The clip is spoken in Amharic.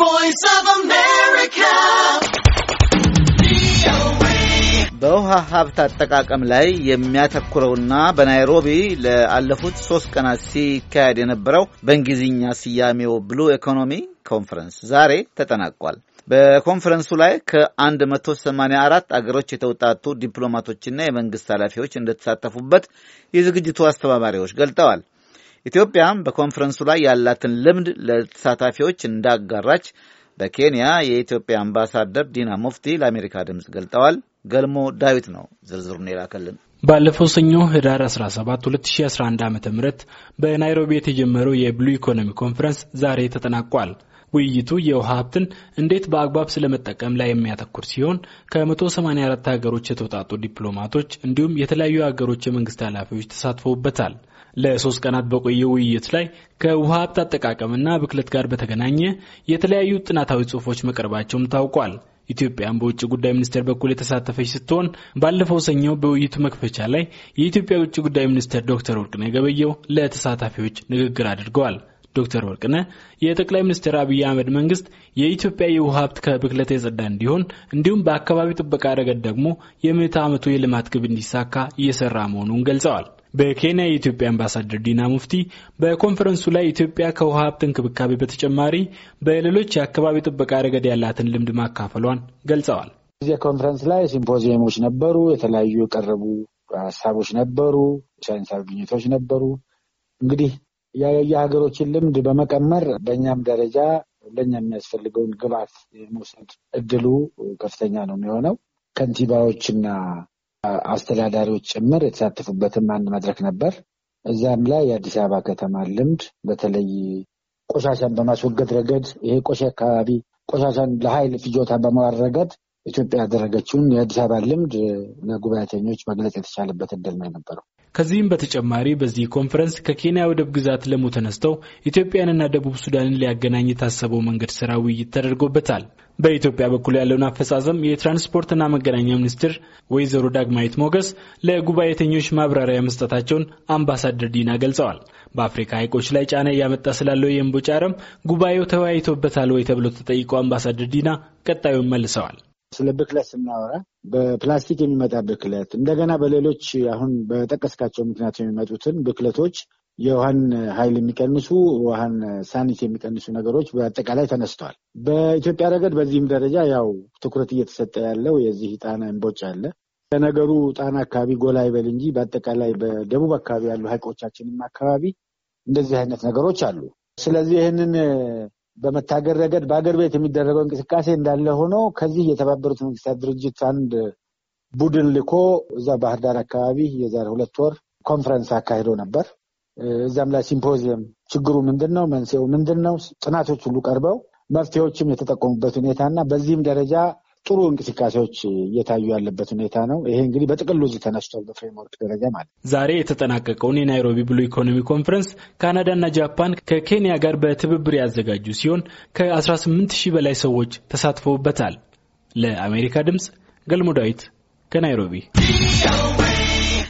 voice of America. በውሃ ሀብት አጠቃቀም ላይ የሚያተኩረውና በናይሮቢ ለአለፉት ሶስት ቀናት ሲካሄድ የነበረው በእንግሊዝኛ ስያሜው ብሉ ኢኮኖሚ ኮንፈረንስ ዛሬ ተጠናቋል። በኮንፈረንሱ ላይ ከ184 አገሮች የተውጣጡ ዲፕሎማቶችና የመንግስት ኃላፊዎች እንደተሳተፉበት የዝግጅቱ አስተባባሪዎች ገልጠዋል። ኢትዮጵያ በኮንፈረንሱ ላይ ያላትን ልምድ ለተሳታፊዎች እንዳጋራች በኬንያ የኢትዮጵያ አምባሳደር ዲና ሙፍቲ ለአሜሪካ ድምፅ ገልጠዋል። ገልሞ ዳዊት ነው ዝርዝሩን የላከልን። ባለፈው ሰኞ ህዳር 17 2011 ዓ ም በናይሮቢ የተጀመረው የብሉ ኢኮኖሚ ኮንፈረንስ ዛሬ ተጠናቋል። ውይይቱ የውሃ ሀብትን እንዴት በአግባብ ስለመጠቀም ላይ የሚያተኩር ሲሆን ከ184 ሀገሮች የተውጣጡ ዲፕሎማቶች እንዲሁም የተለያዩ ሀገሮች የመንግስት ኃላፊዎች ተሳትፈውበታል። ለሶስት ቀናት በቆየ ውይይት ላይ ከውሃ ሀብት አጠቃቀምና ብክለት ጋር በተገናኘ የተለያዩ ጥናታዊ ጽሁፎች መቅረባቸውም ታውቋል። ኢትዮጵያን በውጭ ጉዳይ ሚኒስቴር በኩል የተሳተፈች ስትሆን ባለፈው ሰኞ በውይይቱ መክፈቻ ላይ የኢትዮጵያ የውጭ ጉዳይ ሚኒስቴር ዶክተር ወርቅነህ ገበየሁ ለተሳታፊዎች ንግግር አድርገዋል። ዶክተር ወርቅነህ የጠቅላይ ሚኒስትር አብይ አህመድ መንግስት የኢትዮጵያ የውሃ ሀብት ከብክለት የጸዳ እንዲሆን እንዲሁም በአካባቢው ጥበቃ ረገድ ደግሞ የምዕተ ዓመቱ የልማት ግብ እንዲሳካ እየሰራ መሆኑን ገልጸዋል። በኬንያ የኢትዮጵያ አምባሳደር ዲና ሙፍቲ በኮንፈረንሱ ላይ ኢትዮጵያ ከውሃ ሀብት እንክብካቤ በተጨማሪ በሌሎች የአካባቢ ጥበቃ ረገድ ያላትን ልምድ ማካፈሏን ገልጸዋል። እዚህ ኮንፈረንስ ላይ ሲምፖዚየሞች ነበሩ፣ የተለያዩ የቀረቡ ሀሳቦች ነበሩ፣ ሳይንሳዊ ግኝቶች ነበሩ። እንግዲህ የየሀገሮችን ልምድ በመቀመር በእኛም ደረጃ ለእኛ የሚያስፈልገውን ግብዓት የመውሰድ እድሉ ከፍተኛ ነው የሚሆነው። ከንቲባዎችና አስተዳዳሪዎች ጭምር የተሳተፉበትም አንድ መድረክ ነበር። እዛም ላይ የአዲስ አበባ ከተማ ልምድ በተለይ ቆሻሻን በማስወገድ ረገድ ይሄ ቆሻ አካባቢ ቆሻሻን ለኃይል ፍጆታ በመዋል ረገድ ኢትዮጵያ ያደረገችውን የአዲስ አበባ ልምድ ለጉባኤተኞች መግለጽ የተቻለበት እድል ነው የነበረው። ከዚህም በተጨማሪ በዚህ ኮንፈረንስ ከኬንያ ወደብ ግዛት ለሙ ተነስተው ኢትዮጵያንና ደቡብ ሱዳንን ሊያገናኝ የታሰበው መንገድ ስራ ውይይት ተደርጎበታል። በኢትዮጵያ በኩል ያለውን አፈጻጸም የትራንስፖርትና መገናኛ ሚኒስትር ወይዘሮ ዳግማዊት ሞገስ ለጉባኤተኞች ማብራሪያ መስጠታቸውን አምባሳደር ዲና ገልጸዋል። በአፍሪካ ሐይቆች ላይ ጫና እያመጣ ስላለው የእምቦጭ አረም ጉባኤው ተወያይቶበታል ወይ ተብሎ ተጠይቆ አምባሳደር ዲና ቀጣዩን መልሰዋል። ስለ ብክለት ስናወራ በፕላስቲክ የሚመጣ ብክለት እንደገና በሌሎች አሁን በጠቀስካቸው ምክንያት የሚመጡትን ብክለቶች የውሃን ኃይል የሚቀንሱ ውሃን ሳኒት የሚቀንሱ ነገሮች በአጠቃላይ ተነስተዋል። በኢትዮጵያ ረገድ በዚህም ደረጃ ያው ትኩረት እየተሰጠ ያለው የዚህ ጣና እንቦጭ አለ። ለነገሩ ጣና አካባቢ ጎላ ይበል እንጂ በአጠቃላይ በደቡብ አካባቢ ያሉ ሀይቆቻችንም አካባቢ እንደዚህ አይነት ነገሮች አሉ። ስለዚህ ይህንን በመታገር ረገድ በአገር ቤት የሚደረገው እንቅስቃሴ እንዳለ ሆኖ ከዚህ የተባበሩት መንግስታት ድርጅት አንድ ቡድን ልኮ እዛ ባህር ዳር አካባቢ የዛሬ ሁለት ወር ኮንፈረንስ አካሂዶ ነበር። እዛም ላይ ሲምፖዚየም ችግሩ ምንድን ነው፣ መንስኤው ምንድን ነው፣ ጥናቶች ሁሉ ቀርበው መፍትሄዎችም የተጠቆሙበት ሁኔታ እና በዚህም ደረጃ ጥሩ እንቅስቃሴዎች እየታዩ ያለበት ሁኔታ ነው። ይሄ እንግዲህ በጥቅሉ እዚህ ተነስቷል በፍሬምወርክ ደረጃ ማለት ነው። ዛሬ የተጠናቀቀውን የናይሮቢ ብሉ ኢኮኖሚ ኮንፈረንስ ካናዳና ጃፓን ከኬንያ ጋር በትብብር ያዘጋጁ ሲሆን ከ18 ሺህ በላይ ሰዎች ተሳትፈውበታል። ለአሜሪካ ድምፅ ገልሞ ዳዊት ከናይሮቢ